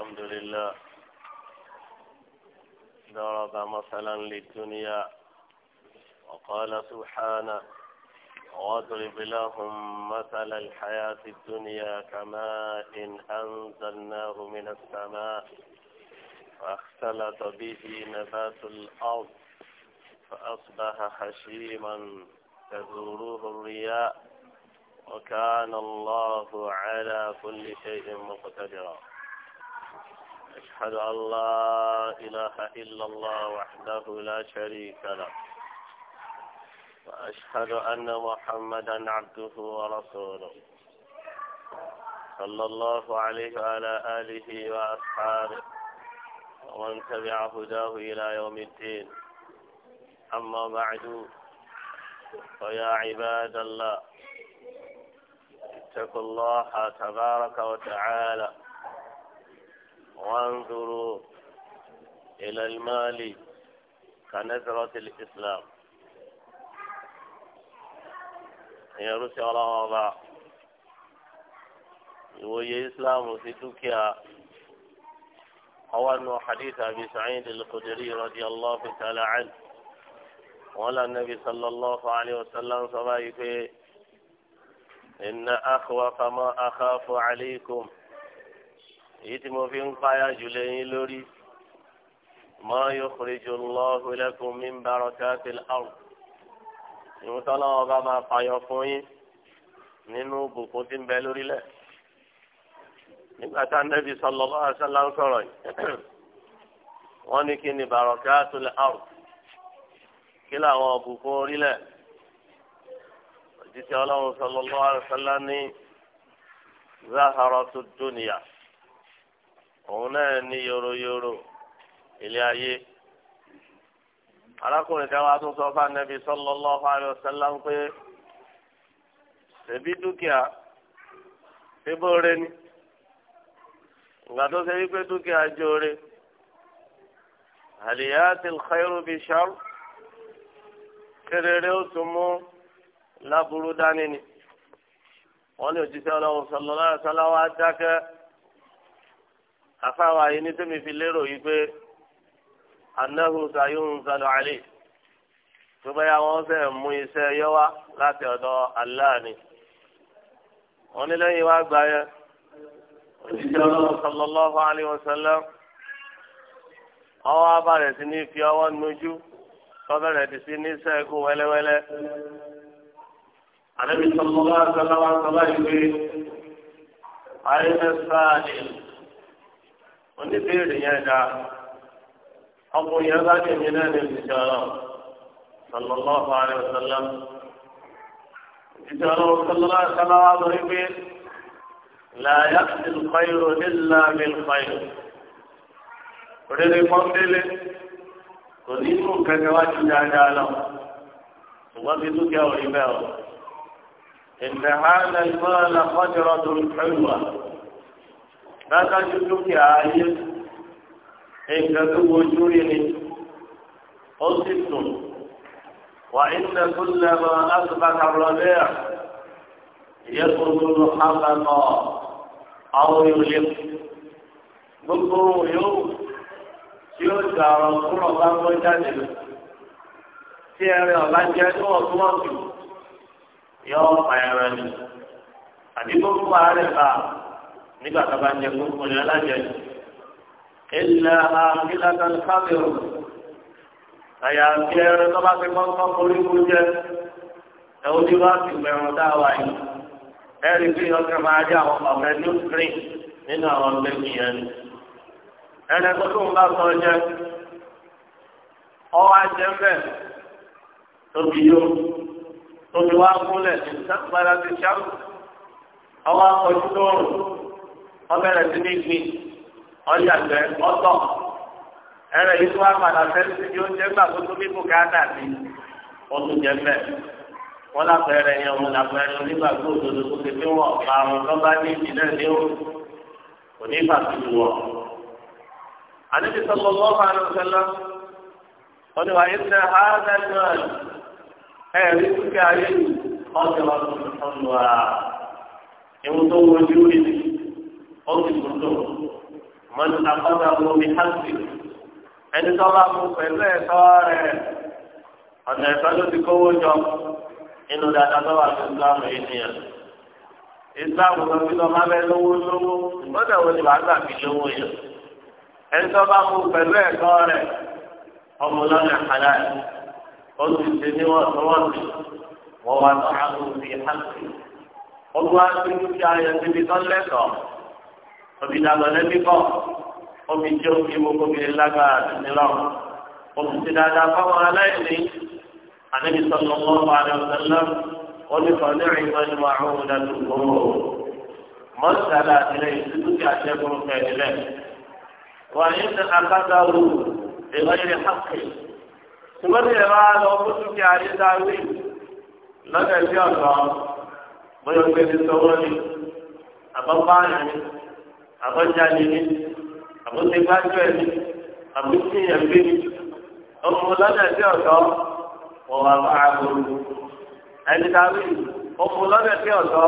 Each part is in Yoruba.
الحمد لله ضرب مثلا للدنيا وقال سبحانه واضرب لهم مثل الحياة الدنيا كماء إن أنزلناه من السماء فاختلط به نبات الأرض فأصبح حشيما تزوره الرياء وكان الله على كل شيء مقتدرا أشهد أن لا إله إلا الله وحده لا شريك له وأشهد أن محمدا عبده ورسوله صلى الله عليه وعلى آله وأصحابه ومن تبع هداه إلى يوم الدين أما بعد فيا عباد الله اتقوا الله تبارك وتعالى وانظروا إلى المال كنزرة الإسلام يا رسول الله وهي إسلام في تركيا أول حديث أبي سعيد الخدري رضي الله تعالى عنه قال النبي صلى الله عليه وسلم صبايك إن أخوف ما أخاف عليكم èyí tí mo fi ń páyà jùlọ yín lórí ma yukhriju Allahu lakum min barakatil ard ìwọ́n tọ́lá ọba máa fàyọ fún yín nínú bùkún tí ń bẹ lórílẹ̀ nígbà tá nẹ́bí sallallahu alaihi wasallam ń sọ̀rọ̀ yìí wọ́n ní kí ni barakatul ard kí làwọn bùkún orílẹ̀ òjíṣẹ́ ọlọ́run sallallahu alaihi wasallam ní zaharatu dunya òun náà ní yoroyoro ilé ayé arákùnrin kan wá tún sọ fún anabi sallallahu alaihi wasallam pé ṣèbí dúkìá ṣébóore ni ìgbà tó ṣe wípé dúkìá jóore àlìyáàtì khairu bíi ṣáàrù kéréré ó tún mú láburú dání ni wọn ní òjíṣẹ́ Ọlọ́run sallallahu alaihi wasallam dákẹ́ afáwa yìí ní tẹ́mi fi lérò yìí pé anahu sayun sanu ali tó bá yà wọ́n fẹ́ mú iṣẹ́ yọ wá láti ọ̀dọ̀ Allah ni wọ́n ní lẹ́yìn wá gbà yẹn òṣìṣẹ́ ọlọ́run sallallahu alayhi wa sallam ọwọ́ abàrẹ̀ sí ní fi ọwọ́ nujú tọ́bẹ̀rẹ̀ ti sí ní sẹ́ẹ̀kù wẹ́lẹ́wẹ́lẹ́. àlẹ́ mi sọ fún sọlá yìí pé ayé sáà ni oníbèrè yẹn dá ọkùnrin yẹn bá tẹ̀mí náà ní ìjọba sallallahu alaihi wasallam ìjọba sallallahu alaihi wasallam wà lórí pé làyà ti lùkọ́yìrò nílà mi lùkọ́yìrò òrèrè pọ́ńdélé kò ní mú kẹ̀kẹ́ wá ju dáadáa lọ ṣùgbọ́n bí dúkìá òrí bẹ́ẹ̀ o ìdàhánà ìmọ̀ràn làkọ́jọ́rọ́ tó ń kẹ́wàá dájú dúkìá ayé nǹkan tó wojú rí ni ó sì tún wà ìnà tó lẹ́mọ àtúbàkà rọ̀lẹ́à ìyẹn tó dúró hàmàmọ́ àwọn ìrìn gbogbo yóò tí ó gba ọ̀rọ̀ kúrò bá gbọ́ jáde lọ tí ẹrẹ ọ̀la jẹ́ níwọ̀ntúnwọ̀ntún yóò pa ẹrẹ ni àdìgbò fún ààrẹ bá nígbà tó bá ń jẹ gbogbo ní alájẹ ilẹ̀ àmìlẹ́kàn kábíọ̀ àyà àti ẹrẹ tó bá fi kọ́kọ́ orí kú jẹ ẹ̀wọ́n tí wọ́n ti gbẹ̀rún dáwà yìí ẹ̀rí bí ọkẹ́ máa jẹ́ àwọn ọ̀fẹ́ new green nínú àwọn ọ̀gbẹ́ nìyẹn ẹ̀rẹ́ tó tún bá sọ jẹ ọwọ́ ajẹ́ bẹ́ẹ̀ tóbi yó tóbi wá kúnlẹ̀ ní sábàlá ti ṣáà ọwọ́ akọ̀jú lóòrùn ọbẹ̀rẹ̀ sí ní gbin ọjàgbẹ́ ọtọ̀ ẹrẹ̀ yìí tó wá padà fẹ́ẹ́ sí oúnjẹ gbà tó tó bíbù káàdà sí ọtún jẹ mẹ́ wọn lápẹẹrẹ yẹn wọn lápẹẹrẹ onígbàgbọ́ òdodo tó ti fi wọ̀ ọ̀pá àwọn tó bá ní ìdílé ní o kò ní ìfàsíwò wọ̀. àdébí sọ́kọ̀ lọ́wọ́ àrùn sẹ́lá wọ́n ti wà ní sẹ́ hádẹ́gbẹ̀rẹ̀ ẹ̀rí dúkìá yìí ọ̀sẹ̀ wọn tó ń lọ à. ìwọ́n tó wọ́n ju ìdí ó ti kú tó omi hàǹtì ẹni tó mú pẹ̀lú ẹ̀tọ́ rẹ̀ ọ̀nà ẹ̀tọ́ ló ti kówó jọ inú dáadáa tó yìí nìyẹn fi má bẹ́ẹ̀ lówó lówó ìgbọ́dọ̀ wo ni wàá gbà fi lówó yẹn ẹni mú pẹ̀lú ẹ̀tọ́ rẹ̀ ọmọ lọ́nà àkàlà ó ti ṣe wọ́n wá ó wá sí tó lẹ́tọ̀ọ́. òbí dàgbọ́ lẹ́bí kọ́ òbí tí ó fi wo kóbi lágbára nílọ òbí ti dáadáa fáwọn aláìní ànábi sọ̀tọ̀ mọ́ fàdé ọ̀sẹ̀lẹ̀ onífọ̀ọ́lẹ́ ìgbọ́ni wà áwọn ọ̀dàdùn gbòòrò mọ́tàlá àtìlẹ́ ìtútù àtẹ́gùn fẹ̀ẹ́lẹ́ wà ní àkàtàwù ìgbọ́ni hàkì ṣùgbọ́n tí ìrọ̀ àlọ́ mọ́tùkì àyíkáwì lọ́dẹ̀ sí ọ̀dọ́ bóyá ó gbé àbọ̀jáde ni àbọ̀tẹ́gbájú ẹ̀ ni àbọ̀tíyàn gbé ni ọmọ lọ́dọ̀ sí ọ̀dọ́ wọ́n wá bá a gbòòrò ẹni dáwé ọmọ lọ́dọ̀ sí ọ̀dọ́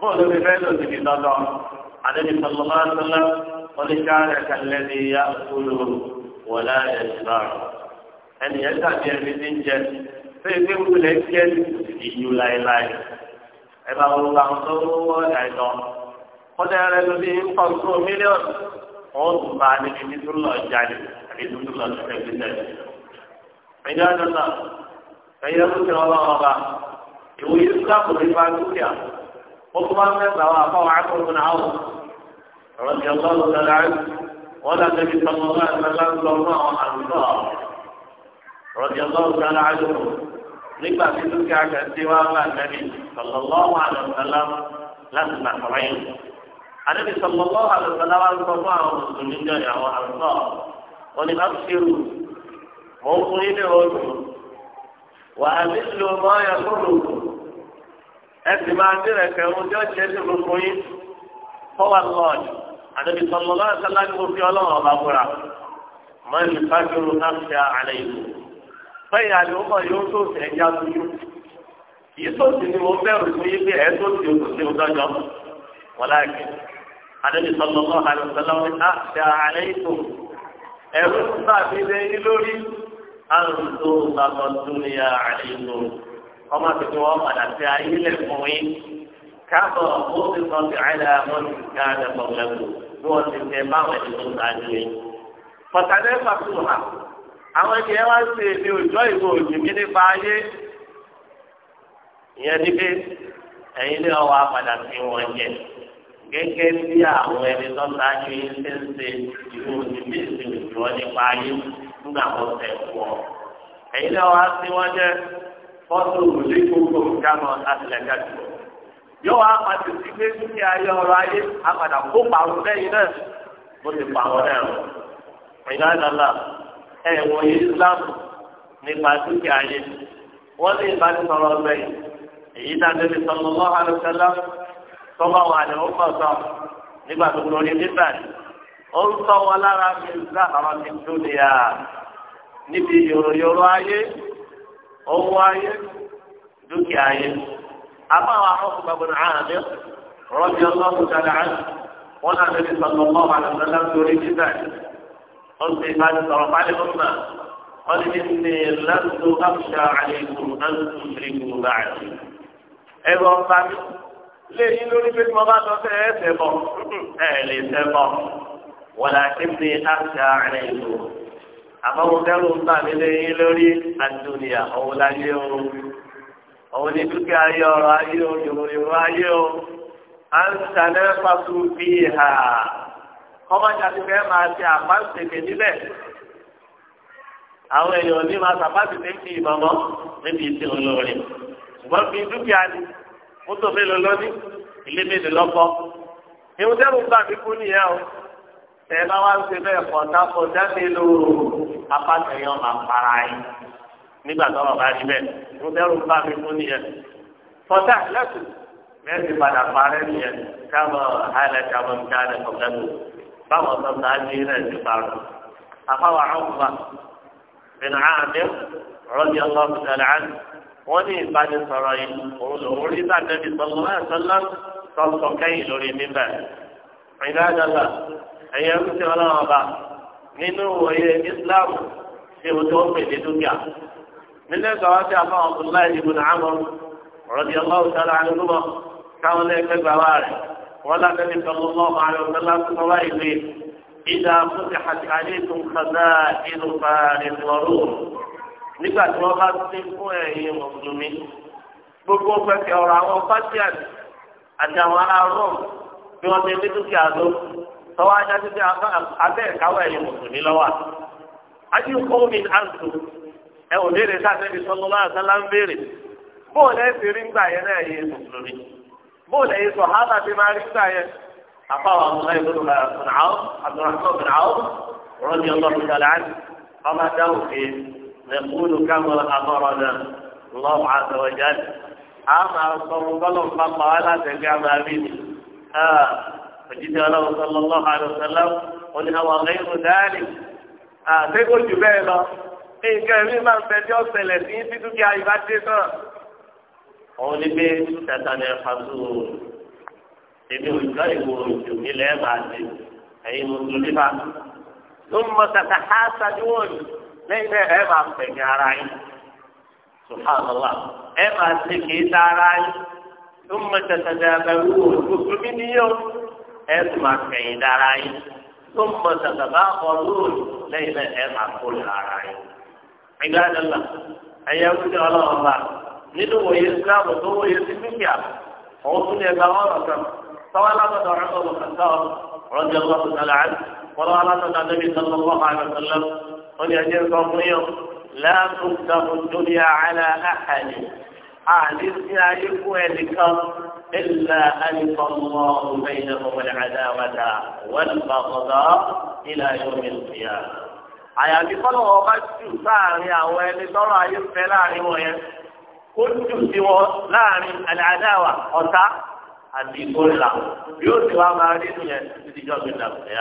bọ́ọ̀ ló fi fẹ́ lò sí ibi lọ́dọ̀ àdéhùn sọlọ́mọ́ àtúnlá oníṣàárẹ̀ kàlẹ́ ní ìyá òkúlù wọ̀lá ẹ̀sùn àrùn ẹni yẹn tàbí ẹni ní jẹ fún ẹgbẹ́ wúlẹ̀ jẹ́ ìyú láéláé ẹ bá wọ́n kọ́dà rẹ lóbi ń kọ́ tó mílíọ̀nù wọ́n tún bá níbi nítorí ọjà ni àbí nítorí ọjà tẹ̀ fi tẹ̀lé. ẹ̀yà dọ́là ẹ̀yà lókè ọlọ́run ọba ìwòye sáàpù ní bá dúkìá ó tún bá ń fẹ́ sàwọn àfọwọ́ akọ̀rọ̀ náà wọ̀ ọ̀rọ̀ ti ọlọ́run dọ́là rẹ wọ́n dà tẹ̀lé sọmọ ọlọ́run lọ́wọ́ nígbà tí dúkìá kan ti wá bá nàbì sọlọ́lọ́wọ́ àlọ́ àdébí sọ̀mọ́tò àlùfẹ́lá wa ń sọ fún àwọn mùsùlùmí jọ ìyàwó àlùfọ́ òní bá ṣerú mò ń fún ilé ọdún wà á ní lo mọ́ ẹ kúrò ẹ sì máa dírẹ̀ kẹrù jọ jẹ́ sí gbogbo yín fọwọ́ lọ́ọ̀dì àdébí sọ̀mọ́tò àlùfẹ́lá ń fi ọlọ́run ọba búra mọ́ ẹ̀mí fájúrú náà fi àlẹ́ ìlú fẹ́yìn àlùmọ́ yóò tó sì ẹja tuntun yìí tó sì ni mo bẹ̀rù fún yín pé ẹ̀ tó sì o kò sí o dọ́jọ́ wọ́n láàkì àdébí sọ́lọ́lọ́ àlùsọ́lọ́wọ́ àṣà ah, àlẹ́kùn ẹ̀rù sáàbí lẹ́yìn lórí àrùntó sàkọ̀túnìyà àlẹ́kùn ọmọ tuntun wọn padà sí ayé lẹ́kùn yín káàbọ̀ ó ti sọ ti àìlà wọn ti ká lẹ́kọ̀ọ́ lẹ́kùn bí wọ́n ti tẹ báwọn ẹni tó sáájú yín. pọ̀tàdé fàtúhà àwọn ẹni ẹ wá ń ṣe èmi òjò ìbò òjì mi nípa ayé ìyẹn ní pé ẹ̀yin ní gẹ́gẹ́ bí àwọn ẹni tó ṣáájú yín ń ṣe ìlú òdìbí ìsìn ìjọ nípa ayé nígbà tó tẹ̀ wọ́. ẹ̀yin náà wá sí wọ́n jẹ́ fọ́tò òlé gbogbo ìjánu àtìlẹ́gà jù. yóò wá pàṣẹ sí pé kí ayé ọrọ̀ ayé apàdà kó pàrọ̀ lẹ́yìn náà bó ti pàrọ̀ náà rọ̀. ẹ̀yin náà ẹ̀wọ̀n Islam nípa dúkìá ayé wọ́n ní ìbánisọ̀rọ̀ tọ́ba wà ní ọgbà sọ nígbà tó lọ ní nígbà tí ó ń sọ wọn lára mi nígbà àwọn ti tó ní à níbi yòròyòrò ayé owó ayé dúkìá ayé àbáwọn àwọn gbàgbọ́n àhàmì rọ́bì ọlọ́run dáadáa àná wọn náà lè sọ̀tọ̀ mọ́ wà lọ́sọ̀ náà torí nígbà tí ó ń sè máa sọ̀rọ̀ pálí fún mà wọ́n ní ní lẹ́nu tó káfíńsà àlejò náà tó lè ní lórí pé tí wọ́n bá lọ sí ẹ̀ẹ́sẹ̀ bọ̀ ẹ̀ lè sẹ́ bọ̀ wọ́n là kí ni àṣà rẹ̀ lò àbáwọn kẹrù ń bà mí lẹ́yìn lórí àdúnyà òun láyé o òun ni dúkìá ayé ọrọ̀ ayé o ìròyìn ayé o à ń sàlẹ̀ pàtó bí ha kọ́mọ́jáde fẹ́ máa ṣe àpáǹtẹ̀kẹ̀ níbẹ̀ àwọn èèyàn ní máa ṣàpáǹtẹ̀kẹ̀ níbi ìbọn níbi ìṣẹ́ olóore ṣùgbọ́n fi dúkìá ni mọ́tò mélòó lọ́ní ilé mélòó lọ́kọ́ ìhun tẹ́lu gbà mí kú nìyẹn o tẹ̀ bá wá ń ṣe bẹ́ẹ̀ kọ̀ọ̀tà kọjá mélòó apátẹ̀yàn máa para yín nígbà tọ́rọ̀ bá rí bẹ́ẹ̀ ìhun tẹ́lu gbà mí kú nìyẹn kọ̀ọ̀tà lẹ́sùn mẹ́rin padà parẹ́ nìyẹn káàmọ̀ àìlẹ̀ káàmọ̀ ń dáná kọ̀ọ̀tà báwọn sọ̀tà á ní rẹ̀ ti parọ́ àfáwọn àwọn ọ̀gbà wọ́n ní ìbánisọ̀rọ̀ yìí òun lòun rí sàdébí sọ̀rọ̀ náà sọ́lá sọ̀tọ̀ kẹ́yìn lórí níbẹ̀. ìdájọ́lá ẹ̀yẹ ń ṣe ọlọ́run ọba nínú òye Islam ṣe o tó ń pè ní dúkìá. nílẹ̀ gbàwá sí afọ́ ọ̀túnlá ìdìbò náà mọ́ ọ̀rọ̀dì ọlọ́run sọ̀rọ̀ àdúgbò káwọn lẹ́gbẹ́ gbàwá rẹ̀ wọ́n lábẹ́bí sọ̀rọ̀ mọ́ nígbà tí wọ́n bá ti fún mùsùlùmí gbogbo pẹ̀kẹ́ ọ̀rọ̀ àwọn fásitì àti àwọn ará bí wọ́n ti ní dúkìá ló tọ́wọ́ ajá títí abẹ́ ìkáwọ́ ẹ̀yin mùsùlùmí lọ́wọ́ àti kọ́mìn àǹtò ẹ ò léèrè sáfẹ́bí sọ́lọ́lá àtàlà ń béèrè bóòlù ẹ̀ ti rí yẹn náà mùsùlùmí ti máa rí yẹn نقول كما أمرنا الله عز وجل أما صلى الله عليه وسلم òjijì ọlọ́run sọlọ́lọ́ àlùsọ́lọ́ oníhàwọ̀ ẹ̀rù dáàlì àtẹ́kọ̀ọ́ jù bẹ́ẹ̀ lọ ní nǹkan ẹ̀mí máa ń fẹ́ tí ó ṣẹlẹ̀ sí tí dúkìá ìbá dé náà. òun ní bí tẹ̀sán ẹ̀ fàtó èmi ò jọ ìwò òjò mi lẹ́ẹ̀ máa ṣe ẹ̀yin mùsùlùmí bá ló ń mọ tàtàkà sáájú wọ̀nyí lẹ́yìn náà ẹ máa pẹ̀lú ara yín subhanallah ẹ máa ṣe kìí ta ara yín tó ń mọ tẹ̀tẹ̀tẹ̀ abẹ́rú òkú mi níyọ̀ ẹ sì máa pẹ̀yìn dára yín tó ń mọ tẹ̀tẹ̀ bá ọlú lẹ́yìn ẹ máa kó lè ara yín. ẹgbẹ́ àdàlà ẹ̀yẹ wúdí ọlọ́run bá nínú wòye síláàmù tó wòye sí dúkìá òun tún lè gba ọ̀rọ̀ kan tọ́wọ́ ọ̀rọ̀ kan tọ́ ọ̀rọ̀ jẹ́ wọ́n ní ẹjẹ́ sọ fún yàn láàbùn dàbùn lórí àhálà àhàlì àhàlì sí ayé fún ẹnìkan ilà àlìkọ́mọ́ ọ̀gbẹ́yìn ọ̀gbẹ́yìn àdáwàdà wọ́n bá ọ̀dọ́ ilà yóò mi lùyà. àyàfi kọ́lọ̀ wọn bá jù láàrin àwọn ẹni tọ́rọ̀ ayé fẹ́ láàrin wọn yẹn kó jù sí wọn láàrin àdáwà ọ̀tá àti ìkórìlà yóò ti wá máa rí nìyẹn títí jọ́gbìn náà fẹ́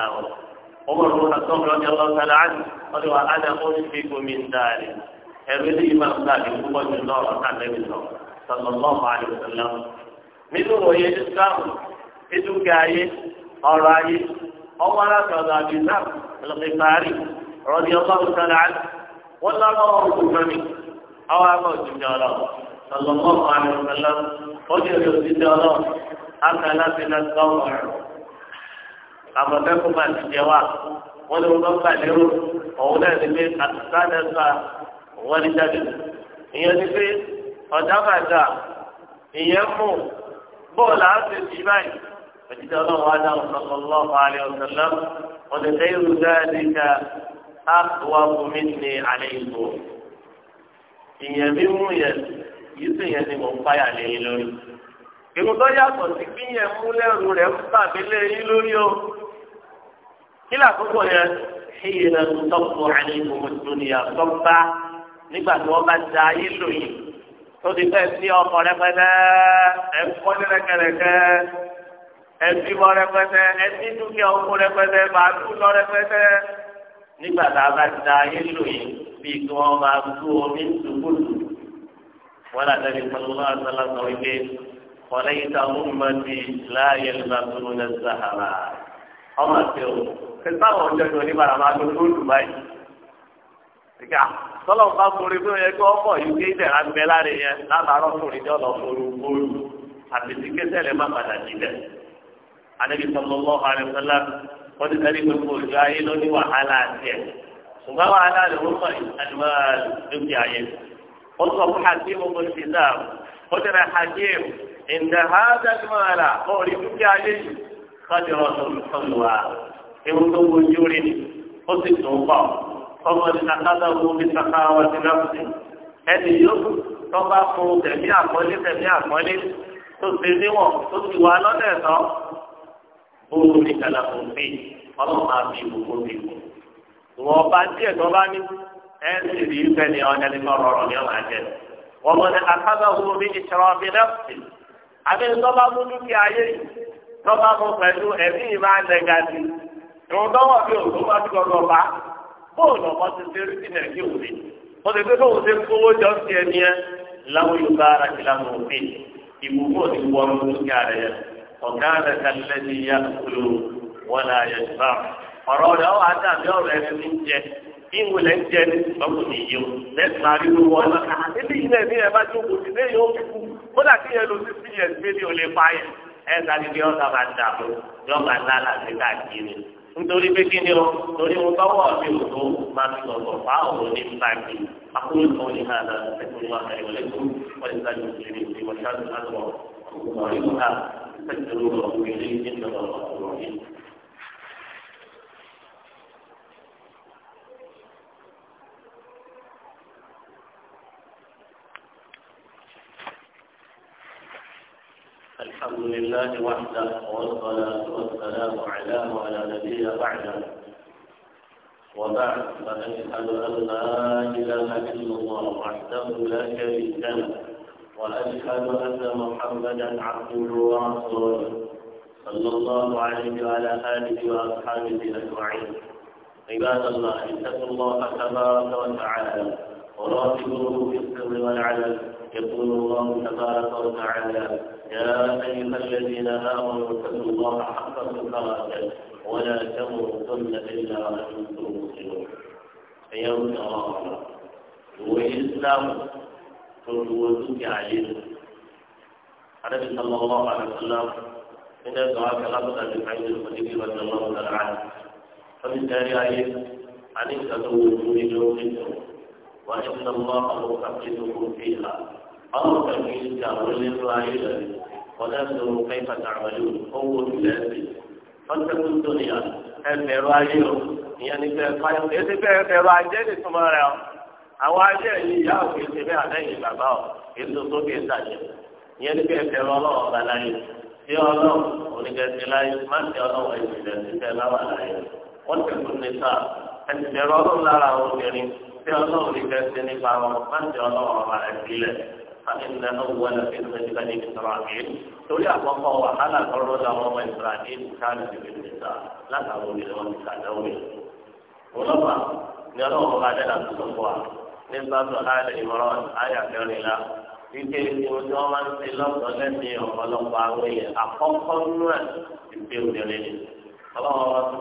عمر بن الخطاب رضي الله تعالى عنه قال وانا انفق من داري ẹ̀rẹ́lẹ́ ìmọ̀ ìgbàlè púpọ̀ jù lọ ọ̀tá lẹ́yìn lọ sọlọ́lọ́ àlè òṣèlú. nínú òye islam ìdúkẹ́ ayé ọ̀rọ̀ ayé ọwọ́ alásọ̀rọ̀ àbíná lọ́kẹ́ parí rọ́bì ọlọ́run sọ̀rọ̀ àlè wọ́n lọ́wọ́ ọ̀rùn mẹ́mi ọwọ́ àbọ̀ àmọ̀tẹ́kùn máa ti jẹ wá wọ́n ní wọ́n gbà lérò òun náà ní pé àtúntàdé sọ wọ́n ní jáde ìyẹn ní pé ọ̀dàbàdà ìyẹn mú bọ́ọ̀lù àti ti báyìí òjijì ọlọ́run adáhùn sallallahu alaihi wasallam wọ́n ní sẹ́yìn rúdáàdìkà àtúwà fúnmi ní alẹ́ ìbò ìyẹn mímú yẹn yìí sì yẹn ni mò ń fáyà lé lórí. èrò tó yàtọ̀ sí gbìyànjú lẹ́rù rẹ̀ ń nílà àkókò yẹn ṣéyìn náà tó tọ́pù àní gbogbo dúnìyà sọ́gbà nígbà tí wọ́n bá da ayé lòyìn tó ti fẹ́ sí ọkọ̀ rẹpẹtẹ ẹ̀kọ́ lẹ́rẹ̀kẹ̀rẹ̀kẹ́ ẹbí mọ́ rẹpẹtẹ ẹbí dúkìá owó rẹpẹtẹ màálù lọ rẹpẹtẹ nígbà tá a bá da ayé lòyìn bí kí wọ́n máa gbó omi dùgbòdù wọn àtẹ̀lé pẹ̀lú wọn àtẹ̀lé sọ wípé kọ̀lẹ́yìn táwọn mọ̀ sí láàyè lọ́sọ̀rọ̀ ní sàhàrà ọmọ àti pẹ̀lú báwọn ọjọ́ ìjọ oníbàrà máa tó tó dùn báyìí. ìgbà tọ́lọ̀ bá forí fún yẹn kí wọ́n mọ̀ yìí kí ìdẹ̀ra gbẹ láre yẹn látàárọ̀ fúnni ní ọ̀nà òru òru àti tí kẹsẹ̀lẹ̀ má padà jílẹ̀. àdébí sọmọmọ àrẹ̀sọ́lá wọ́n ti sẹ́ni gbogbo òjò ayé ló ní wàhálà tiẹ̀. ṣùgbọ́n wàhálà rẹ̀ wọ́n mọ̀ àdúrà dúkìá yẹn. wọ́n sọ fún hakim ogun ewu tó wojú rí ni ó sì tún pọ̀ ọmọ ní sàkátà wo ní sàkà wa ti lọ́kùnrin ẹni yòókù tó bá fún tẹ̀mí àkọ́lé tẹ̀mí àkọ́lé tó ti níwọ̀n tó ti wà lọ́dẹ̀ tán bóòlù ní kàlàkùn mi ọlọ́run máa fi gbogbo mi kù wọ́n bá díẹ̀ tó bá ní ẹni rí ìfẹ́ ni ọ̀nà ní ọ̀rọ̀ ní ọ̀nà jẹ wọ́n mọ̀ ní wo ní ìṣòro àbí tó mú dúkìá yé tó mú pẹ̀lú ẹ̀mí ìmáa nẹ̀gàdì ìwọ̀n tó wà bí òkú bá ti gbọdọ̀ bá bóòlù ọmọ ti ṣe rí sí nàìjíríà òde wọ́n ti gbé bóun ṣe kówó jọ sí ẹni ẹ láwọn yorùbá ara ti láwọn òfin ìbùkún ti wọnú dúkìá rẹ ọ̀gá rẹ kalẹ̀ ní ìyá kúló wọn là yẹ bá ọ̀rọ̀ rẹ ọ̀ àdàbí ọ̀rọ̀ ẹni ti ń jẹ ìwòlẹ̀ ń jẹ lọ́kùn ní yìí o lẹ́sìn àríwó wọn lọ́kà níbi ilẹ̀ ní ẹ̀ bá jókòó sí lẹ́yìn ó kíkú kódà kí ẹ lọ sí sí ẹ̀ gbé ní olè fáyẹ̀ ẹ̀ sáré bí ọ̀sà máa dàbò yọ̀ọ̀bà ńlá làṣẹ káàkiri nítorí pé kí ni o torí mo bá wà bí o tó máa fi lọ́wọ́ bá òun ní báyìí akúrò tó ní hàn án ẹ̀kọ́ ní wà á yọ lẹ́kọ́ wọ́n ti sáájú ìṣẹ̀lẹ̀ ìṣẹ̀lẹ̀ wọ́n ṣáájú láti wọ̀ ọ̀rọ̀ ìlú náà ṣẹ́jú lọ́wọ́ ìlú ìṣẹ̀lẹ̀ ọ̀rọ̀ ìlú الحمد لله وحده والصلاة والسلام على وعلى نبينا بعده وبعد فأشهد أن لا إله إلا الله وحده لا شريك له وأشهد أن محمدا عبده ورسوله صلى الله عليه وعلى آله وأصحابه أجمعين عباد الله اتقوا الله تبارك وتعالى وراقبه في السر والعلن يقول الله تبارك وتعالى يا أيها الذين آمنوا اتقوا الله حق تقاته ولا تموتن إلا وأنتم مسلمون أيام الله والإسلام تلوثك عليه النبي صلى الله عليه وسلم من دعاء عن بفعل الخليفي رضي الله تعالى عنه فبالتالي عليه عليك التزوج من وإن الله يحفظكم فيها أو تميل تأويل رائلا ولا تروا كيف تعملون قوة لازم فاتقوا الدنيا ẹ̀fẹ̀rọ ayé o ìyẹn ní fẹ́ẹ́ fáyọ èsì fẹ́ẹ́ fẹ́ẹ́rọ ajé ní túmọ̀ rẹ o àwọn wọ́n ti ní sáà ẹ̀sì fẹ́ẹ́rọ ọlọ́wọ́ lára àwọn obìnrin tí ọlọ́run ní fẹ́ sí nípa wọn má ti ọlọ́run ọba rẹ̀ sílẹ̀ fàmílẹ̀ náà wọ́n lọ sí ìgbésí bá ní ìsirahìn torí àkọ́kọ́ wàhálà tọrọ làwọn ọmọ ìsirahìn káàdì ìbí nìta látàwọn olè wọn ti sàdáwò yìí. ọlọ́pàá ni ọlọ́run ọba dẹ́nà tó sọ̀kọ́ wa ní sábà láàrin ìmọ̀ràn àyà kẹrìnlá wípé ohun tí wọ́n máa ń ṣe lọ́sọ̀ọ́ lẹ́sìn ọ̀pọ̀lọpọ̀ àwọn èèyàn àkọ́kọ́ nínú ẹ̀ ìgbé obìnrin ni ọlọ́run ọba tó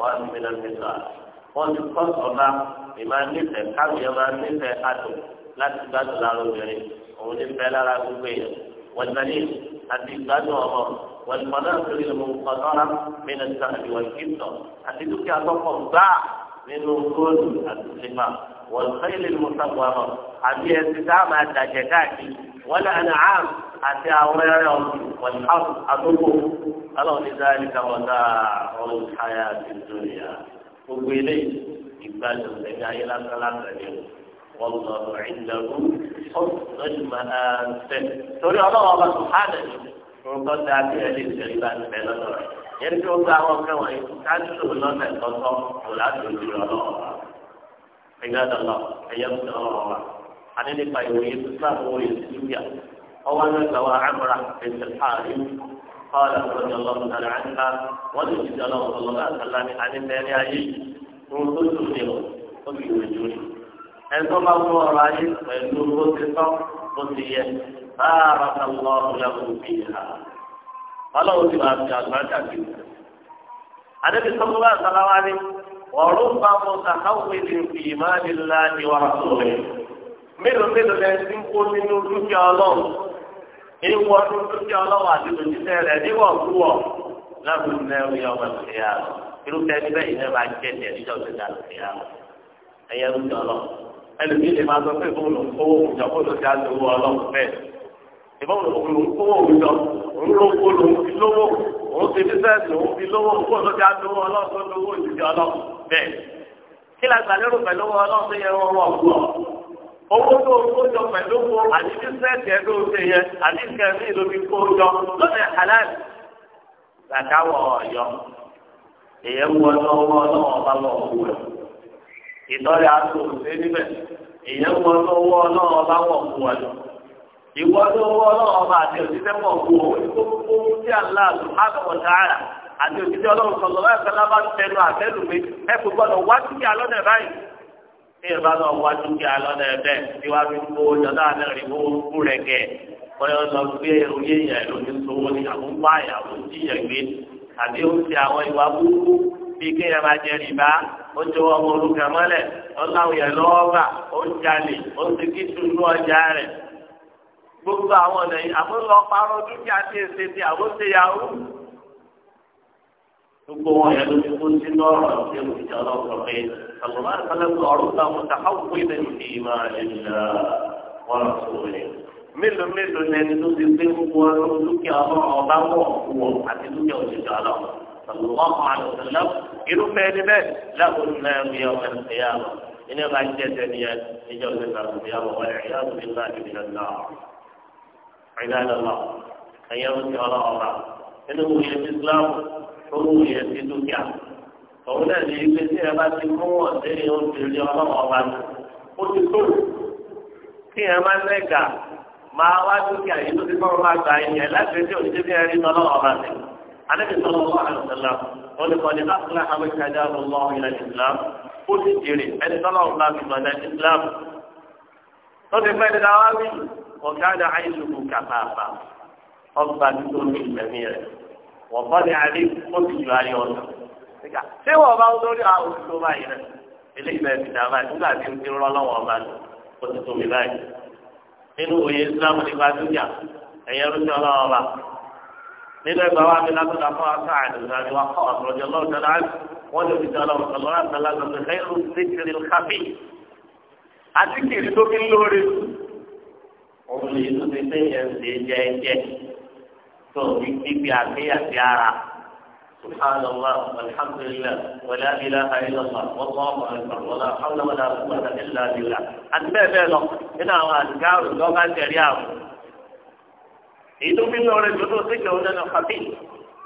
hàn wọ́n ti kọ́ sọ̀ba ìmọ̀ nífẹ̀ẹ́ káwé ọba nífẹ̀ẹ́ adùn láti gbádùn lára obìnrin òun nífẹ̀ẹ́ lára gbogbo èèyàn wọ́n gbẹ́lẹ́ àti gbádùn ọmọ wọ́n mọ̀nà torí ọmọ ọ̀tọ́ra mìíràn sáà ìwọ̀n kìtọ̀ àti dúkìá tọkọ̀ gbáà nínú góòlù àti sílímà wọ́n fẹ́lẹ̀ mọ́sàgbọ́mọ́ àti ẹ̀sìn tá a máa dàjẹ́ káàkiri wọ́n lé àná àm àti àwọn ẹ̀rọ wọ́n àdókò alọ́ ní sáà ní kàwọ́dà ọ̀rọ̀ ìkáyà àti ìdúnyà gbogbo eléyìí ìgbàlẹ̀ ọ̀sẹ̀ni ayé lásán lásán ni wọ́n lọ ìdàrú ọ̀sán máa ń fẹ́. torí ọlọ́wọ́ ọba tó hàn ní nǹkan tá a bẹ̀rẹ̀ lè tẹ̀lé bá ti lọ́dọ̀ rẹ̀. yẹn tí gba àwọn ọ̀kẹ́ wọ̀nyí káṣíṣò lọ́nà ìtọ́tọ́ kò láti ojú ọlọ́wọ́ ọba. ìgbàdàn lọ ẹ̀yẹ ń tẹ ọlọ́wọ́ ọba. adé nípa ìwòye tó sáà قال رضي الله تعالى عنها وجد الله صلى الله عليه وسلم عن النبي رسول الله وفي وجوه أن تبقى الله ويقول بصفة قصية بارك الله له فيها فلو تبقى أبجاد ما تأكيد النبي صلى الله عليه وسلم ورب متحول في مال الله ورسوله من رسل الله سنقول من نور الله ewu ọdún tó ti ọlọ́wọ́ àti òṣìṣẹ́ rẹ̀ níwọ̀ kúwọ̀ lábùú mẹ́rin yọ ọmọ ìṣẹ́ yà lọ irúfẹ́ níbẹ̀ yìí náà máa ń jẹ́ ẹ̀jẹ̀ níjọ́ ìṣẹ́ ìṣẹ́ yà lọ ẹ̀yẹ ń jọ lọ ẹlòmíì lè máa sọ pé fóònù owó òòjọ́ fóònù ti àti owó ọlọ́run bẹ́ẹ̀ ìfọwọ́n òòlù owó òòjọ́ òun ló kó lòun fi lówó òun ti fi sẹ́ẹ̀sì òun fi lówó owó tó o jọ pẹ̀lú owó àdìsí sẹ́ẹ̀tì ẹ̀dọ́ oṣù yẹn àdìsí ẹ̀mí lómi o jọ làkàwọ̀ ọ̀yọ́ èyẹ ń wọ lọ́wọ́ ọlọ́wọ́ bá wọ̀ owó rẹ̀ ìtọ́rẹ́ aṣọ níbẹ̀ èyẹ ń wọ lọ́wọ́ ọlọ́wọ́ bá wọ̀ rẹ̀ ìwọ lọ́wọ́ ọlọ́wọ́ bá àti òṣìṣẹ́ pọ̀ tí àti òṣìṣẹ́ sọ̀rọ̀ bí ìbá náà wá dúkìá lọ́nà ẹ̀bẹ̀ tí wàá fi kó jọ̀dá náà rí owó kú rẹ̀ kẹ̀ wọ́n yọ lọ gbé oyé yẹn lójú sówó ni àbúgbà ìyàwó jíyẹ̀ gbé àbí ó ti àwọn ìwà búburú bí kéèyàn máa jẹ rìbá ó ti wọ́n ọmọ olùkà mọ́lẹ̀ ọláwọ̀ yẹn lọ́wọ́ bà ó ń jalè ó ti kí tuntun ọjà rẹ̀ gbogbo àwọn ọ̀nà yìí àbúrò ọ̀parọ̀ gbogbo wọn yẹn ló ti kó sínú ọ̀rọ̀ àti olùdíje ọlọ́pàá pé àgbọ̀nmá ìpínlẹ̀ ọ̀rọ̀ ta mo ta hàn fún ilé ìdí máa lè la wọn sọ̀rọ̀ mélòó mélòó lẹni tó ti gbé gbogbo ọ̀rọ̀ dúkìá ọlọ́rọ̀ ọba wọ̀ wọ̀ àti dúkìá olùdíje ọlọ́pàá sọlọ́mọ àlùsọ̀lọ́ irúfẹ́ ẹni bẹ́ẹ̀ láwùjọ náà ń yọ ẹnìyàwó ilé bá jẹ́ sẹ́niyẹ níjọ́ ìgbésà ìyàwó wọlé ìyàwó ìlà ìbílẹ̀ náà ìlànà náà ẹ̀yẹ́ ń ti ọlọ́ọ̀ba nínú ìyẹn Islam owó yẹn ti dúkìá òun náà ní ibi tí ẹ bá ti mú ọ̀sẹ̀ ní oṣù ilé ọlọ́wọ́ ọba nù ó ti tó kí ẹ má lẹ́gà máa wá dúkìá yìí tó ti kọ́ máa gba ẹ̀yẹ láti fi òṣìṣẹ́ bí ẹni ọlọ́wọ́ ọba nù alẹ́ sọ̀rọ̀ wọ́n àlùsọ̀lá wọn ni kọ́ni láfúlá amẹ́kẹ́dá ọlọ́ ilẹ̀ islam ó ti jèrè ẹni sọ́lá ọ̀la fi tó ti fẹ́ dídá wọ́n kọ́ ní adé ó sì ju ayé ọ̀sán. ṣé wọ́n bá ń lórí àwọn olùkọ́ báyìí rẹ̀ eléyìí bẹ́ẹ̀ ti dá báyìí nígbà tí ó ti rọ́ lọ́wọ́ ọba lò ó ti báyìí. nínú òye islamu nípa dúkìá ẹ̀yẹ rúṣọ ọlọ́wọ́ ọba. nínú ẹgbẹ́ wa mi lágbàdá fún aṣọ àdùnnà ni wọ́n kọ́ ọ̀sọ̀rọ̀jọ lọ́wọ́ wọ́n lè fi tó ní bíbí àgbéyàgbé ara سبحان الله والحمد لله ولا إله إلا الله والله أكبر ولا حول ولا قوة إلا بالله أتبع بيلو إنا أذكار لو كان تريام إذا من نور الجنود سكونا الخفيف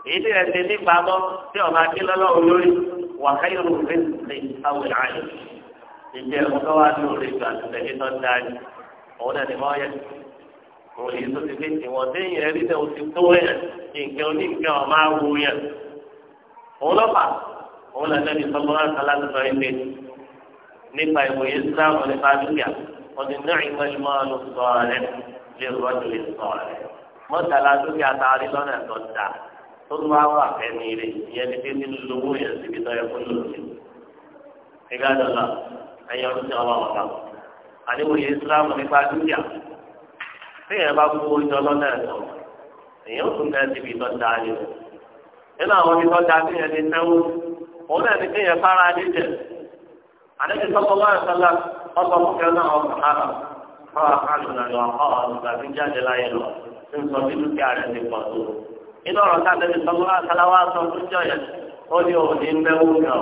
إذا أتني بابا سيوما كلا لا أولوري وخير الرزق أو العين إذا أتوى نور الجنود سكونا الداني هنا نهاية òye tó ti fi ìwọ̀n déyìn ẹ̀rí tẹ̀ o ti tó yẹn nǹkan oníkan ọ̀ma wo yẹn. òun lọ́fà òun lọ́ọ́ lẹ́bi sọ́kọ́ náà sálá ti sọ ilé nípa ìwòye islam nípa dúkìá ọdún náà ìmọ̀lẹ́ máa lọ sọ rẹ̀ lè rọ́jò lè sọ rẹ̀. mọ́tàlá dúkìá taari lọ́nà tó da tó tún wá wà fẹ́mi rẹ̀ ìyẹn ní pépé lówó yẹn síbi tó yẹ kó lò sí. ìgbà téèyàn bá kú oúnjẹ ọlọ́dà ẹ̀sọ́ èèyàn tún náà ti fi tọ́ da ni nínú àwọn ibi tọ́ téèyàn ti náwó òun náà ti téèyàn fara ní jẹ àdéhùn sọ́kọ́ wá ìsọ́lá ọkọ̀ fúnkẹ́ náà ọkọ̀ ara ọ̀rọ̀ àlùfáà lọ ọ̀rọ̀ nígbà tí jáde láyé lọ tí ń sọ bí dúkìá rẹ̀ ti pọ̀ tó nínú ọ̀rọ̀ tá àdéhùn sọ́kọ́ wá ìsọ́lá wá sọ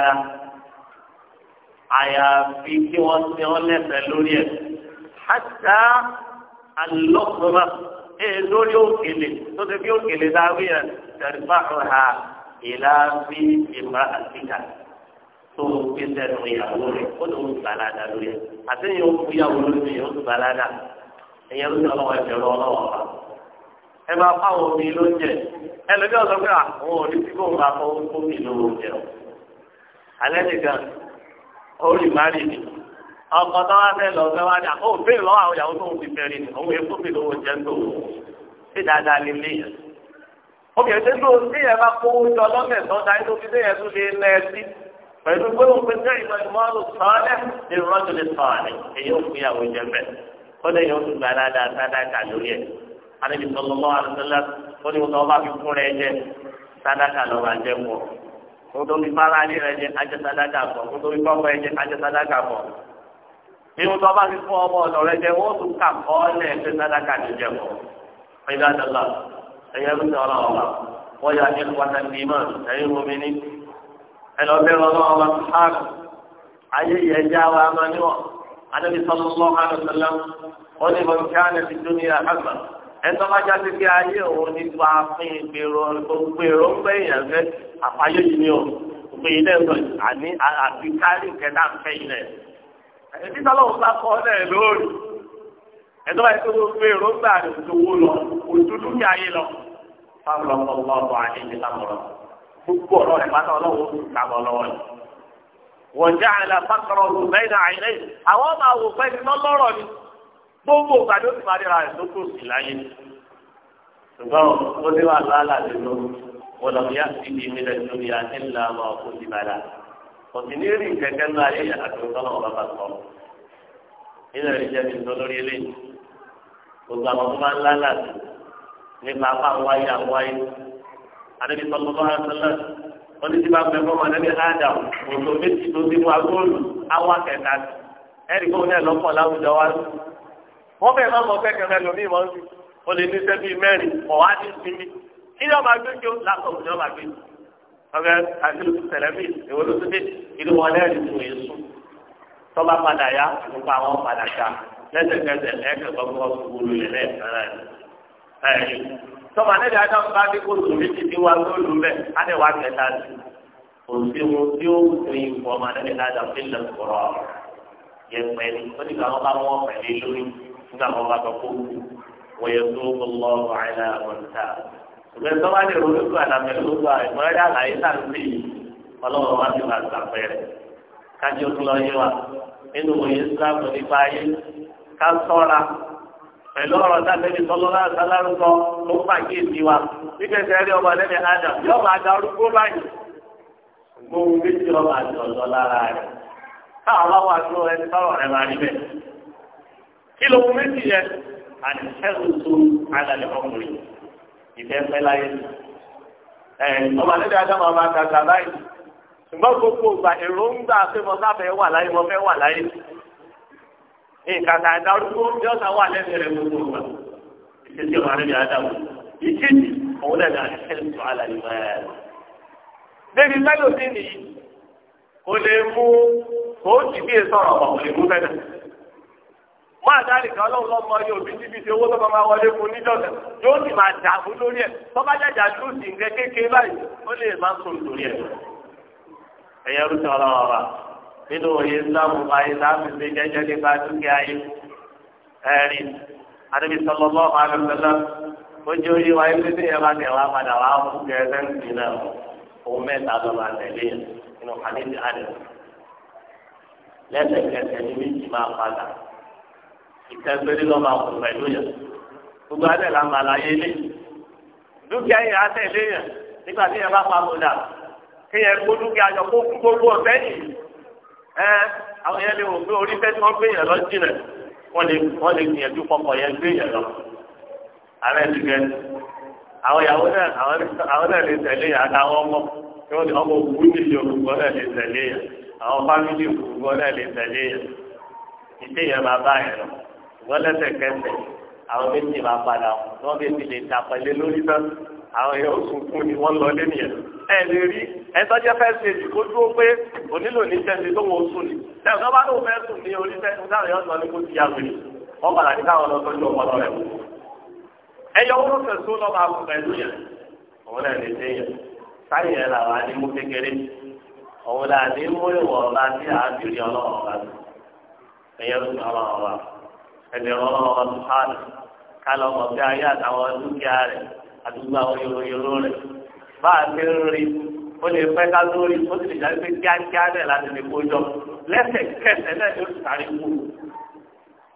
ó ní àyàfi kí wọ́n ti wọ́n lẹ́sẹ̀ lórí ẹ̀. Àṣà àlọ́kùnrin ẹ̀ lórí òkèlè tó ti fi òkèlè dáwé ẹ̀ tẹ̀lifá ọ̀hà ìlàbí ìmọ̀ àtìkà tó fi sẹ́nu ìyàwó rẹ̀ ó ló ń balada lórí ẹ̀. Àtẹ̀yìn ó fi ìyàwó lórí ẹ̀ ó ti balada. Ẹ̀yẹ ló ń sọ ọlọ́wọ́ ẹ̀jẹ̀ lọ́wọ́ ọ̀hà. Ẹ máa fáwọn omi lóúnjẹ. Ẹlẹ́bí ọ̀sán pé àwọn ah, òní orí mari ni ọkọ tó wá fẹ́ lọ fẹ́ wá dà ó bẹ́ẹ̀ lọ́wọ́ àwọn ìyàwó tó ń fi fẹ́ẹ́ rí ni òun èkó mi lówó jẹ́ tó ṣé dáadáa lè léyìn. obìnrin tó tó ní ẹ̀ bá kó oúnjẹ ọlọ́mẹ̀ tó dáa tó fi léyìn tó lè lẹ́ sí pẹ̀lú gbólóhùn pé ní ìmọ̀ ìmọ̀ ọ̀rọ̀ sọ́ọ́lẹ̀ ní rọ́jò lè sọ̀rọ̀ èyí ò fi àwọn ìjẹ bẹ́ẹ̀ ó lè yọ oṣù gbàdá dáadáa lórí ẹ̀ alẹ́ bí àdúgbò ó ní wọn bá fi kún rẹ̀ jẹ sádàkà lọ́ba jẹ́ nítorí bára ní rẹ jẹ ajẹsàdáka bọ nítorí bọ́ọ̀mù rẹ jẹ ajẹsàdáka bọ nínú tó bá fi fún ọmọ ọ̀dọ̀ rẹ jẹ wọ́n tún kà kọ́ ọ́lẹ̀ ẹgbẹ́ sàdáka ní jẹ bọ̀ ẹgbẹ́ àdàlà ẹ̀yẹ ń sọ̀rọ̀ ọ̀la wọ́n yà ní ìwádà nìmọ̀ ẹ̀yìn omi ní ẹlọ́bẹ̀rẹ̀ ọlọ́wọ́ sáàkù ayé yẹn já wa máa níwọ̀n adébísọ́lọ́ ẹtọ́ bá jáde bí ayé òun nípa fún ìgbèrò gbèrò pé èèyàn fẹ́ àfáyé yìí ni o pé ilé ẹ̀sọ́ àní àti kárí kẹta fẹ́ ilẹ̀. ẹ̀sìn tí sọ́lọ́wọ́ bá kọ́ ọ́nà ẹ̀ lórí ẹtọ́ bá yẹ kó gbèrò gbà lówó lọ òdúdú ní ayé lọ. fáwọn ọmọ ọmọ ọmọ àti gbogbo ọ̀rọ̀ rẹ̀ pátá ọlọ́wọ́ kàbọ̀ lọ́wọ́ ni. wọ́n jẹ́ àlàfáàkọ̀rọ̀ gbogbo ìpàdé ó ti máa ríra rẹ̀ lókè òsì láyé ṣùgbọ́n ó ní wà lálà nínú wọlọ bí àtìlí mi lẹ lórí àtìlá ọmọ ọkùnrin ti bàdà òsì ní rí kẹ̀kẹ́ ńlá ayé àtúntọ́nà ọba bá sọ nílẹ̀ rí jẹ́ mi tó lórí eléyìí gbogbo àwọn tó máa ń lálà nípa apá wáyé àwáyé àdébí sọlọ́tọ́ àtúntọ́nà wọ́n ti ti bá fẹ́ fọ́ọ̀mù àdébí ádàm òṣò méjì tó ti mú agbóòlù wọ́n fẹ́ẹ́ máa mọ fẹ́ kẹfẹ́ lómi ìmọ̀ nsú o lè ní sẹ́bi mẹ́rin ọ̀wá ní sinmi kí ni ọba gbé jọ làkọ̀ òjò ọba gbé ọbẹ̀ àti sẹ̀lẹ̀mì èwo ló tún dé ìlú wọn lẹ́rìí fún èso tọ́ba padà yá nípa àwọn padà ta lẹ́sẹ̀kẹsẹ̀ lẹ́kẹ̀kọ́ fún ọkùnrin olùyẹ lẹ́ẹ̀kan rẹ̀ tọ́ba lẹ́dẹ̀ ajá ń bá dé kó tòun méjì tí wàá tó lù mẹ́ adé wàá kẹta sí òsì wọn tí ó tó yin fún ọmọ adé lẹ́dẹ̀ ajá fi lẹ̀ kọ̀rọ̀ yẹ pẹ̀lú ó ní káwọn bá wọn pẹ̀lú lórí nígbà wọn bá tọ́ kó wọ̀nyẹ tó ń lọ àìlà ọ̀nta. ṣùgbọ́n tó bá lè ronú tó àdàmẹ́ ló gba ìmọ̀lẹ́dà àlàyé sàǹtì ọlọ́run wá sí màá sàpẹ́rẹ́. kájí ó tún lọ yé wa nínú òye ìsìlámù nípa ayé ká sọ́ra pẹ̀lú ọ̀rọ̀ sáfẹ́ni tọ́lọ́lá sálárúkọ ló ń pàkíyèsí wa nígbẹ̀sẹ̀ rí ọmọ lẹ́nu adam yóò máa da arúgbó báyìí gbóhùn méjì ọmọ àti ọ̀dọ́ lára rẹ̀ káwọn bá wà tó ẹni tọ́rọ̀ rẹ̀ máa rí bẹ́ẹ̀ kí ló wọ méjì yẹn àdìsẹ́rùtù alẹ́ ọkùnrin ìfẹ́ fẹ́ láyé ẹ̀ ọba níbi adámọ̀ ọba gàgà báyìí ṣùgbọ́n gbogbo ìgbà èròǹgbà pé mo sáfẹ́ wà láyé mo fẹ́ wà láyé nǹkan tá a darúgbó yọ̀ọ́ta wà lẹ́nu rẹ̀ gbogbo ìgbà ìṣèjì ọba níbi adámọ̀ ìkejì òun náà ní àdìsẹ́rùtù alẹ́ ìmọ̀ẹ́ débi mélòó sí nìyí kò lè mú kò ó jì bí èso ọ̀rọ̀ kò lè mú bẹ́ẹ̀ má dáàlì kan lọ́wọ́ lọ́mọ yóò bí níbi tí owó lọ́mọ máa wọlé fún níjọ́sẹ̀ yóò sì máa dà fún lórí ẹ̀ tọ́ba jàjà lùsì nǹkan kékeré báyìí ó lè má sùn lórí ẹ̀. ẹ̀yẹ rúṣọ ọlọ́wọ́ wa nínú òye islam ayé láàmì ṣe jẹ́jẹ́ nípa dúkìá yìí ẹ̀rí adébí sọlọ mọ́ àlùfẹ́lá ó jẹ́ òye wa ilé tí ẹ̀rọ àti ẹ̀rọ àpàdà wà fún gẹ̀ẹ́sẹ̀ ń sìn náà òun mẹ́ta lọ́ba tẹ̀lé ìtẹ́gbẹ́rí lọ́ máa kù pẹ̀lú yẹn gbogbo alẹ́ la máa la yé lé dúkìá yẹn atẹ̀lé yẹn nígbà tí yẹn bá pa mo dà kí yẹn kó dúkìá jọ kó kú gbogbo ọ̀fẹ́ yìí ẹ àwọn yẹn lè wò pé orí fẹ́ tí wọ́n gbé yẹn lọ jìnà wọ́n lè wọ́n lè gbìyànjú kọkọ yẹn gbé yẹn lọ alẹ́ ti gẹ àwọn ìyàwó náà àwọn náà lè tẹ̀lé yẹn àtàwọn ọmọ tí wọ́n lè ọmọ òkú nílé olùkọ́ náà lè tẹ̀lé yẹn àwọn fámìlì olùkọ́ náà lè tẹ̀lé yẹn ìdí yẹn máa bá yẹn lọ ṣùgbọ́n lẹ́sẹ̀kẹsẹ̀ àwọn méjì máa padà wọ́n fi ti lè ta pẹ̀lẹ́ lórí náà àwọn yóò sunkún ni wọ́n lọ lé nìyẹn. ẹ lè rí ẹtọ́ jẹ́ fẹ́ ṣe ìdìbò dúró pé onílò ní sẹ́ni tó wọ́n sùn ni. ṣé ọ̀gá bá lóun fẹ́ sùn ní orí sẹ́ni táwọn yóò sọ ní kó ti yàgò yìí wọ́n padà ní káwọn lọ́sọ́ ní ọpọlọ rẹ̀. ẹyọ wọn fẹ́ sún lọ́ba àbùkù pẹ̀lú yẹn òun náà lè dé yẹn. sáyẹn yẹn làwọn àdìmú kékeré òun làdìmú ìwọ̀ ọ̀la tí àbìrí ọlọ́run ẹ̀dẹ̀ ọlọ́wọ́ ọdún sáàlì kálọ̀ ọ̀gbẹ́ ayé àtàwọn dúkìá rẹ̀ àdúgbò àwọn yòròyòrò rẹ̀ bá a ti ń rí ó lè fẹ́ ká lórí ó sì lè jáde pé kíákíá rẹ̀ láti lè kójọ lẹ́sẹ̀kẹsẹ̀ náà yóò sáré kú.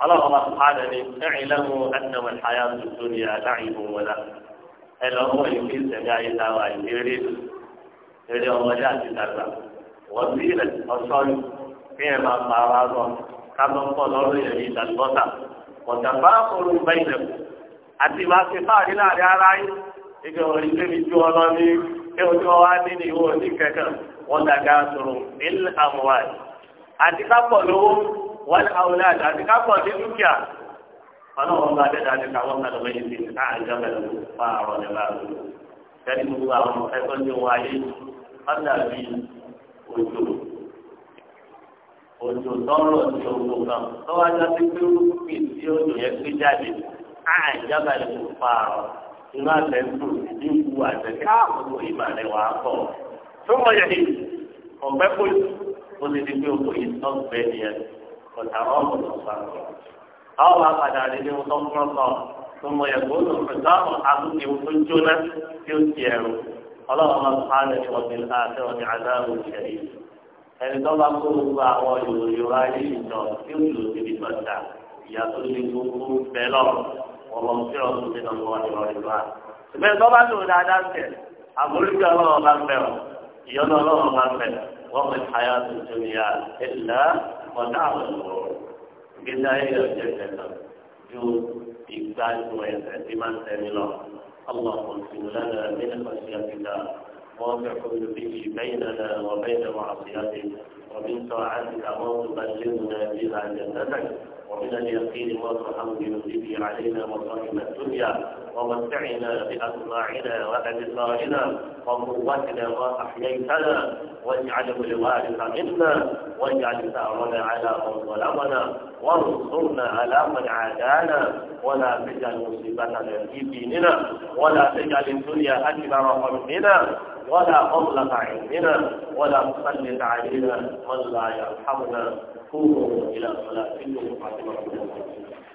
ọlọ́wọ́ bá sáàlì ni ẹ̀rìn lẹ́nu ẹ̀dẹ̀wẹ̀ ayé àtúntò ní àdáyìnbó wọlá ẹ lọ́wọ́ ìgbé ìsẹ̀mí ayé táwa ìlérí eré ọmọdé àti kábọ̀ ń kọ́ lọ́rùn yẹn ní ìdàgbọ́sà ọ̀dàbà kọlu bẹ́ẹ̀ àti máa ṣe fáàrí láàrin ara yín ike orí lébi ju ọ lọ ní ké ojú ọ wá ní ní ìwọ ní kẹkẹ wọn dàgbà sọ̀rọ̀ ilé àmúwá àti kápọ̀ lówó wọn àwòlẹ́ àti àti kápọ̀ ní dúkìá ọlọ́wọ́n bá dẹ́ta ní káwọn kan lọ́wọ́ yìí ti ká àjọ bẹ̀rẹ̀ fún àrọ̀ ní báyìí tẹ́lẹ̀ gbogbo àwọn ẹgbẹ́ ní wáyé ọ̀dà bíi ojú òjò tọrọ ní owó kan tọ́wọ́ ajá sí pé rúbì tí òjò yẹn gbé jáde àìjábà lè kó fa ọ inú àtẹ ń tò ní ìwú àtẹ ká òjò ìbàlẹ̀ wà á kọ̀. tó wọ́n yẹ ọ̀gbẹ́ kó o lè di pé o kò yí sọ́ọ̀gbẹ́ yẹn ọ̀tà ọ̀gbọ̀n tó fa ọ. àwọn bá padà rí ní wọn tó tó wọ́n yẹ kó lọ pẹ̀lú àwọn àtúntì tó jóná tí ó ti ẹ̀rù ọlọ́run máa ń pa á lẹ́yìn ọ̀gbìn ẹni tó bá kó gbogbo àwọn yòrò yòrò ayé ìjọ tí ó lò síbi tọ́jà ìyàtọ̀ ní gbogbo bẹ́ẹ̀ lọ ọ̀rọ̀ tí ó tún ti nà lọ́wọ́ ìrọ̀ ìlú à. ìbẹ̀rẹ̀ tó bá lò dáadáa ń tẹ̀ àforíjì ọlọ́run bá ń bẹ̀ ọ́ ìyọ́nà ọlọ́run bá ń bẹ̀ wọ́n fi àyà tuntun yà ẹ̀là ọ̀dà àwọn ọ̀rọ̀ gbèsè ayé ọ̀jẹ̀ tẹ̀lẹ̀ ju ìgbà واضع قلوبه بيننا وبين معصيتك ومن طاعتك ما تبلغنا بها جنتك ومن اليقين والرحم بنزله علينا مصائب الدنيا ومتعنا بأسماعنا وأبصارنا وقوتنا وأحييتنا واجعله الوارث منا واجعل ثأرنا على من ظلمنا وانصرنا على من عادانا ولا تجعل مصيبتنا في ديننا ولا تجعل الدنيا أكبر همنا ولا مبلغ علمنا ولا تسلط علينا من لا يرحمنا قوموا إلى الصلاة إنه فاطمة